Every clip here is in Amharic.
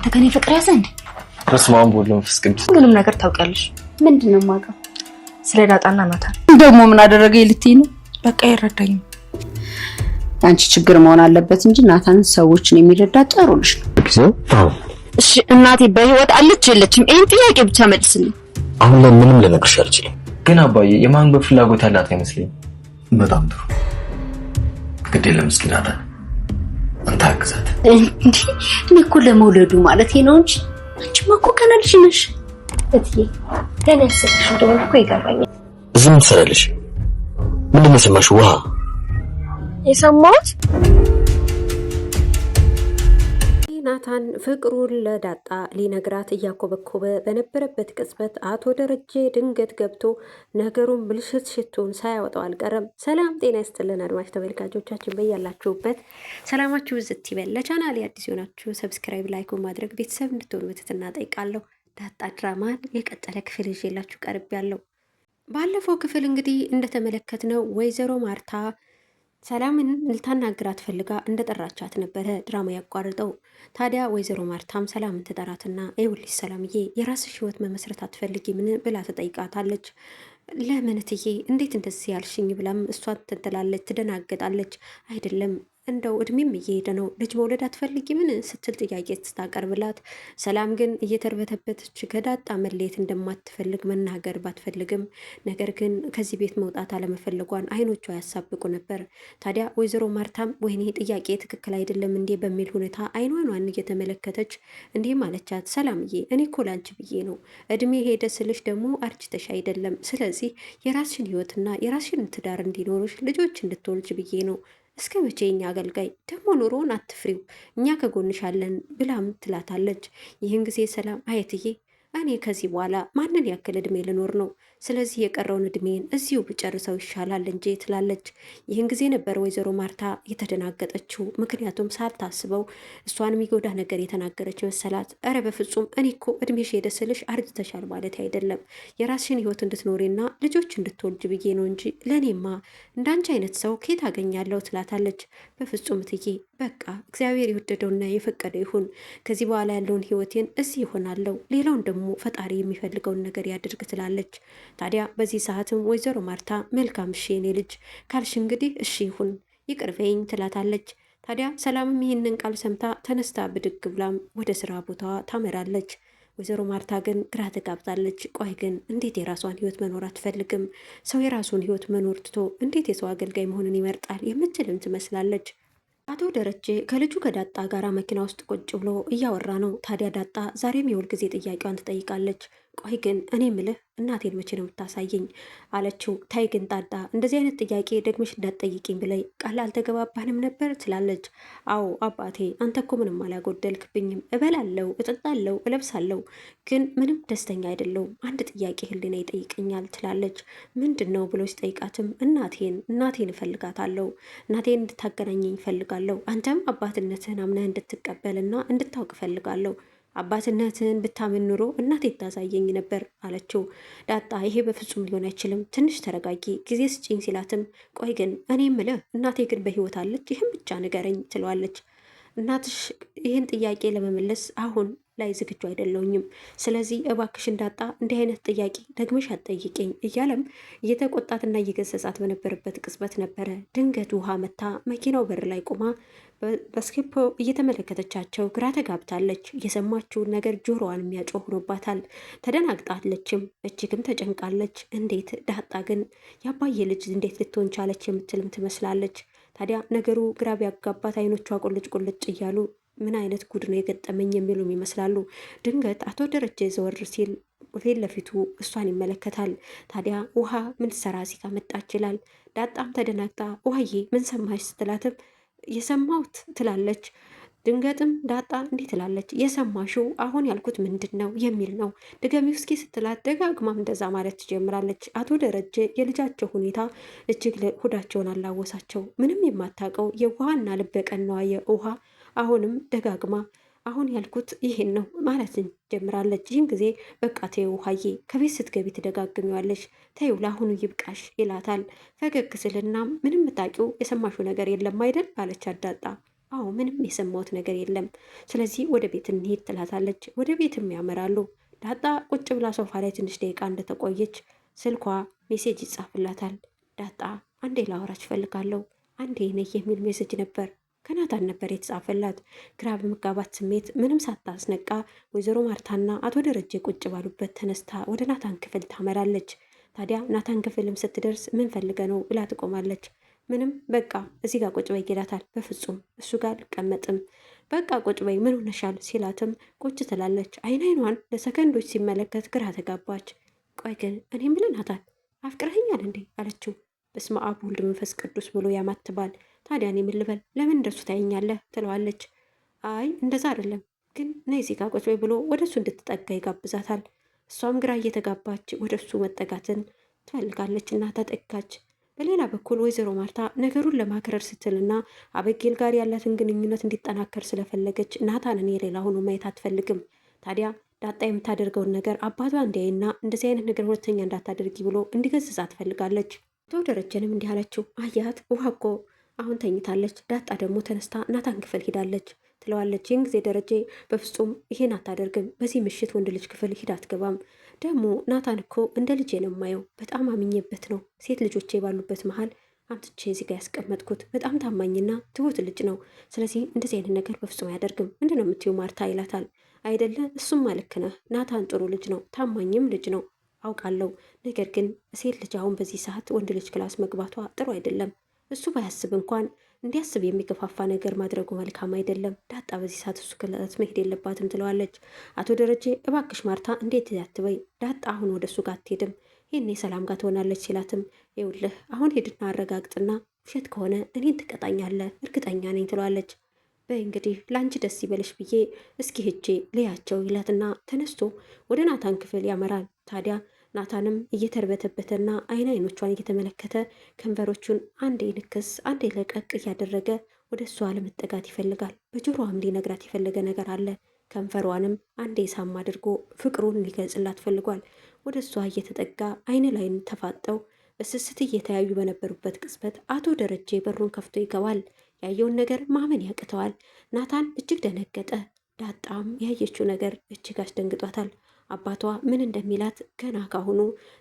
አንተ ከኔ ፍቅር ያዘ እንዴ? በስመ አብ ወወልድ ወመንፈስ ቅዱስ። ሁሉንም ነገር ታውቂያለሽ። ምንድን ነው የማውቀው? ስለ ዳጣና ናታን ደግሞ ምን አደረገ ልትይ ነው? በቃ አይረዳኝም። አንቺ ችግር መሆን አለበት እንጂ ናታን ሰዎችን የሚረዳ ጥሩ ልጅ ነው። እሺ እናቴ በህይወት አለች የለችም? ይሄን ጥያቄ ብቻ መልስልኝ። አሁን ላይ ምንም ልነግርሽ አልችልም፣ ግን አባዬ የማንበብ ፍላጎት ያላት አይመስለኝም። በጣም ጥሩ ግዴ ለምስኪናታ እንታግዛት እንዲ። እኔ እኮ ለመውለዱ ማለት ነው እንጂ አንቺማ እኮ ገና ልጅ ነሽ እትዬ። ገና ያሰብሽ እንደሆነ እኮ ይገባኛል። ዝም ትሰራለሽ። ምንድን ነው የሰማሽው? ውሃ የሰማሁት ናታን ፍቅሩን ለዳጣ ሊነግራት እያኮበኮበ በነበረበት ቅጽበት አቶ ደረጀ ድንገት ገብቶ ነገሩን ብልሽት ሽቱን ሳያወጣው አልቀረም። ሰላም ጤና ይስጥልን አድማጭ ተመልካቾቻችን በያላችሁበት ሰላማችሁ ብዝት ይበል። ለቻናል አዲስ የሆናችሁ ሰብስክራይብ፣ ላይክ ማድረግ ቤተሰብ እንድትሆኑ በትህትና እጠይቃለሁ። ዳጣ ድራማን የቀጠለ ክፍል ይዤላችሁ ቀርቤያለሁ። ባለፈው ክፍል እንግዲህ እንደተመለከትነው ወይዘሮ ማርታ ሰላምን ልታናግራት ፈልጋ ጠራቻት ነበረ ድራማ ያቋርጠው። ታዲያ ወይዘሮ ማርታም ሰላምን ትጠራትና ይኸውልሽ ሰላምዬ የራስሽ ህይወት መመስረት አትፈልጊ ምን ብላ ትጠይቃታለች። ለምን እትዬ እንዴት እንደዚህ ያልሽኝ ብላም እሷ ትንትላለች፣ ትደናገጣለች። አይደለም እንደው እድሜም እየሄደ ነው ልጅ መውለድ አትፈልጊ ስትል ጥያቄ ስታቀርብላት፣ ሰላም ግን እየተርበተበተች ከዳጣ መለየት እንደማትፈልግ መናገር ባትፈልግም ነገር ግን ከዚህ ቤት መውጣት አለመፈለጓን አይኖቿ ያሳብቁ ነበር። ታዲያ ወይዘሮ ማርታም ወይኔ ጥያቄ ትክክል አይደለም እንዴ በሚል ሁኔታ አይኗኗን እየተመለከተች እንዲህ ማለቻት፣ ሰላምዬ እኔ እኮ ላንቺ ብዬ ነው እድሜ ሄደ ስልሽ ደግሞ አርጅተሽ አይደለም። ስለዚህ የራስሽን ህይወትና የራስሽን ትዳር እንዲኖርሽ ልጆች እንድትወልጅ ብዬ ነው እስከ መቼ የኛ አገልጋይ ደግሞ ኑሮውን አትፍሪው እኛ ከጎንሽ አለን ብላም ትላታለች። ይህን ጊዜ ሰላም አየትዬ፣ እኔ ከዚህ በኋላ ማንን ያክል ዕድሜ ልኖር ነው? ስለዚህ የቀረውን እድሜን እዚሁ ብጨርሰው ይሻላል እንጂ ትላለች። ይህን ጊዜ ነበር ወይዘሮ ማርታ የተደናገጠችው። ምክንያቱም ሳታስበው እሷን የሚጎዳ ነገር የተናገረች መሰላት። እረ በፍጹም እኔ እኮ እድሜሽ ሄደ ስልሽ አርጅተሻል ማለት አይደለም። የራስሽን ህይወት እንድትኖሪና ልጆች እንድትወልጅ ብዬ ነው እንጂ ለእኔማ እንዳንቺ አይነት ሰው ከየት አገኛለሁ ትላታለች። በፍጹም ትዬ በቃ እግዚአብሔር የወደደውና የፈቀደ ይሁን። ከዚህ በኋላ ያለውን ህይወቴን እዚህ ይሆናለሁ። ሌላውን ደግሞ ፈጣሪ የሚፈልገውን ነገር ያድርግ ትላለች። ታዲያ በዚህ ሰዓትም ወይዘሮ ማርታ መልካም እሺ የኔ ልጅ ካልሽ እንግዲህ እሺ ይሁን ይቅር ትላታለች። ታዲያ ሰላምም ይህንን ቃል ሰምታ ተነስታ ብድግ ብላም ወደ ስራ ቦታዋ ታመራለች። ወይዘሮ ማርታ ግን ግራ ተጋብታለች። ቆይ ግን እንዴት የራሷን ህይወት መኖር አትፈልግም? ሰው የራሱን ህይወት መኖር ትቶ እንዴት የሰው አገልጋይ መሆንን ይመርጣል? የምትልም ትመስላለች። አቶ ደረጀ ከልጁ ከዳጣ ጋር መኪና ውስጥ ቁጭ ብሎ እያወራ ነው። ታዲያ ዳጣ ዛሬም ጊዜ ጥያቄዋን ትጠይቃለች። ቆይ ግን እኔ ምልህ እናቴን መቼ ነው የምታሳየኝ? አለችው። ታይ ግን ጣጣ እንደዚህ አይነት ጥያቄ ደግመሽ እንዳትጠይቂኝ ብለይ ቃል አልተገባባንም ነበር ትላለች። አዎ አባቴ አንተ እኮ ምንም አላጎደልክብኝም። እበላለው፣ እጠጣለው፣ እለብሳለው፣ ግን ምንም ደስተኛ አይደለውም። አንድ ጥያቄ ህሊና ይጠይቀኛል ትላለች። ምንድን ነው ብሎ ሲጠይቃትም እናቴን እናቴን እፈልጋታለው፣ እናቴን እንድታገናኘኝ እፈልጋለሁ። አንተም አባትነትህን አምነህ እንድትቀበልና እንድታውቅ እፈልጋለሁ አባትነትን ብታምን ኑሮ እናቴ ታሳየኝ ነበር አለችው። ዳጣ ይሄ በፍጹም ሊሆን አይችልም፣ ትንሽ ተረጋጊ፣ ጊዜ ስጭኝ ሲላትም ቆይ ግን እኔ ምለ እናቴ ግን በህይወት አለች? ይህም ብቻ ንገረኝ ትለዋለች። እናትሽ ይህን ጥያቄ ለመመለስ አሁን ላይ ዝግጁ አይደለውኝም ስለዚህ እባክሽ እንዳጣ እንዲህ አይነት ጥያቄ ደግመሽ አጠይቅኝ እያለም እየተቆጣትና እየገሰጻት በነበረበት ቅጽበት ነበረ ድንገት ውሃ መታ መኪናው በር ላይ ቆማ በስኬፖ እየተመለከተቻቸው ግራ ተጋብታለች። የሰማችውን ነገር ጆሮዋን የሚያጮ ሆኖባታል። ተደናግጣለችም፣ እጅግም ተጨንቃለች። እንዴት ዳጣ ግን የአባዬ ልጅ እንዴት ልትሆን ቻለች? የምትልም ትመስላለች። ታዲያ ነገሩ ግራ ቢያጋባት አይኖቿ ቁልጭ ቁልጭ እያሉ ምን አይነት ጉድ ነው የገጠመኝ የሚሉም ይመስላሉ። ድንገት አቶ ደረጀ ዘወር ሲል ፊት ለፊቱ እሷን ይመለከታል። ታዲያ ውሃ ምን ትሰራ እዚህ መጣ ይችላል። ዳጣም ተደናግጣ ውሃዬ ምን ሰማሽ ስትላትም የሰማሁት ትላለች። ድንገትም ዳጣ እንዲህ ትላለች፣ የሰማሽው አሁን ያልኩት ምንድን ነው የሚል ነው። ድገሚው እስኪ ስትላት ደጋግማም እንደዛ ማለት ትጀምራለች። አቶ ደረጀ የልጃቸው ሁኔታ እጅግ ሆዳቸውን አላወሳቸው። ምንም የማታውቀው የውሃና ልበቀናዋ የውሃ አሁንም ደጋግማ አሁን ያልኩት ይህን ነው ማለትን ጀምራለች። ይህን ጊዜ በቃ ተይው ውሃዬ፣ ከቤት ስትገቢ ትደጋግሚዋለች፣ ተይው ለአሁኑ ይብቃሽ ይላታል። ፈገግ ስልና ምንም ምታቂው የሰማሹ ነገር የለም አይደል አለች አዳጣ አዎ ምንም የሰማሁት ነገር የለም። ስለዚህ ወደ ቤት እንሄድ ትላታለች። ወደ ቤትም ያመራሉ። ዳጣ ቁጭ ብላ ሶፋ ላይ ትንሽ ደቂቃ እንደተቆየች ስልኳ ሜሴጅ ይጻፍላታል። ዳጣ አንዴ ላወራች እፈልጋለሁ አንዴ ነህ የሚል ሜሴጅ ነበር። ከናታን ነበር የተጻፈላት። ግራ በመጋባት ስሜት ምንም ሳታስነቃ ወይዘሮ ማርታና አቶ ደረጀ ቁጭ ባሉበት ተነስታ ወደ ናታን ክፍል ታመራለች። ታዲያ ናታን ክፍልም ስትደርስ ምን ፈልገ ነው ብላ ትቆማለች። ምንም በቃ እዚህ ጋር ቁጭ በይ ይላታል። በፍጹም እሱ ጋር አልቀመጥም፣ በቃ ቁጭ በይ ምን ሆነሻል ሲላትም ቁጭ ትላለች። አይን አይኗን ለሰከንዶች ሲመለከት ግራ ተጋባች። ቆይ ግን እኔ የምልህ አፍቅረኸኛል እንዴ አለችው። በስመ አብ ወወልድ መንፈስ ቅዱስ ብሎ ያማትባል። ታዲያ እኔ ምን ልበል ለምን እንደሱ ታየኛለህ ትለዋለች። አይ እንደዛ አይደለም ግን ነይ እዚህ ጋር ቁጭ በይ ብሎ ወደ እሱ እንድትጠጋ ይጋብዛታል። እሷም ግራ እየተጋባች ወደ እሱ መጠጋትን ትፈልጋለች እና ተጠጋች። በሌላ በኩል ወይዘሮ ማርታ ነገሩን ለማክረር ስትልና አበጌል ጋር ያላትን ግንኙነት እንዲጠናከር ስለፈለገች ናታንን የሌላ ሆኖ ማየት አትፈልግም። ታዲያ ዳጣ የምታደርገውን ነገር አባቷ እንዲያይና እንደዚህ አይነት ነገር ሁለተኛ እንዳታደርጊ ብሎ እንዲገስጻት ትፈልጋለች። አቶ ደረጀንም እንዲህ አለችው፣ አያት ውሃ እኮ አሁን ተኝታለች፣ ዳጣ ደግሞ ተነስታ ናታን ክፍል ሂዳለች ትለዋለች። ይህን ጊዜ ደረጀ በፍጹም ይሄን አታደርግም፣ በዚህ ምሽት ወንድ ልጅ ክፍል ሂድ አትገባም ደግሞ ናታን እኮ እንደ ልጄ ነው የማየው። በጣም አምኜበት ነው ሴት ልጆቼ ባሉበት መሀል አምጥቼ እዚህ ጋ ያስቀመጥኩት። በጣም ታማኝና ትሁት ልጅ ነው። ስለዚህ እንደዚህ አይነት ነገር በፍጹም አያደርግም። ምንድን ነው የምትይው ማርታ ይላታል። አይደለ እሱም ልክ ነህ። ናታን ጥሩ ልጅ ነው፣ ታማኝም ልጅ ነው አውቃለሁ። ነገር ግን ሴት ልጅ አሁን በዚህ ሰዓት ወንድ ልጅ ክላስ መግባቷ ጥሩ አይደለም። እሱ ባያስብ እንኳን እንዲያስብ የሚገፋፋ ነገር ማድረጉ መልካም አይደለም። ዳጣ በዚህ ሰዓት እሱ ክለት መሄድ የለባትም ትለዋለች። አቶ ደረጀ እባክሽ ማርታ እንዴት ያትበይ ዳጣ አሁን ወደ እሱ ጋር አትሄድም፣ ይህኔ ሰላም ጋር ትሆናለች ሲላትም ይውልህ አሁን ሄድና አረጋግጥና ውሸት ከሆነ እኔን ትቀጣኛለህ እርግጠኛ ነኝ ትለዋለች። በይ እንግዲህ ለአንቺ ደስ ይበልሽ ብዬ እስኪ ሄጄ ልያቸው ይላትና ተነስቶ ወደ ናታን ክፍል ያመራል። ታዲያ ናታንም እየተርበተበተና አይን አይኖቿን እየተመለከተ ከንፈሮቹን አንዴ ንክስ አንዴ ለቀቅ እያደረገ ወደ እሷ ለመጠጋት ይፈልጋል። በጆሮዋም ሊነግራት የፈለገ ነገር አለ። ከንፈሯንም አንዴ ሳም አድርጎ ፍቅሩን ሊገልጽላት ፈልጓል። ወደ እሷ እየተጠጋ አይን ላይን ተፋጠው በስስት እየተያዩ በነበሩበት ቅጽበት አቶ ደረጀ በሩን ከፍቶ ይገባል። ያየውን ነገር ማመን ያቅተዋል። ናታን እጅግ ደነገጠ። ዳጣም ያየችው ነገር እጅግ አስደንግጧታል። አባቷ ምን እንደሚላት ገና ካሁኑ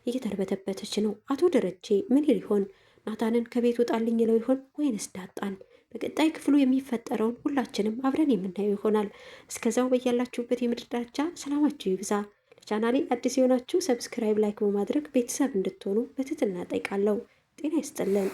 እየተርበተበተች ነው። አቶ ደረጀ ምን ይሆን ናታንን ከቤት ውጣልኝ ይለው ይሆን ወይንስ ዳጣን? በቀጣይ ክፍሉ የሚፈጠረውን ሁላችንም አብረን የምናየው ይሆናል። እስከዛው በያላችሁበት የምድር ዳርቻ ሰላማችሁ ይብዛ። ለቻናሌ አዲስ የሆናችሁ ሰብስክራይብ፣ ላይክ በማድረግ ቤተሰብ እንድትሆኑ በትህትና እጠይቃለሁ። ጤና ይስጥልን።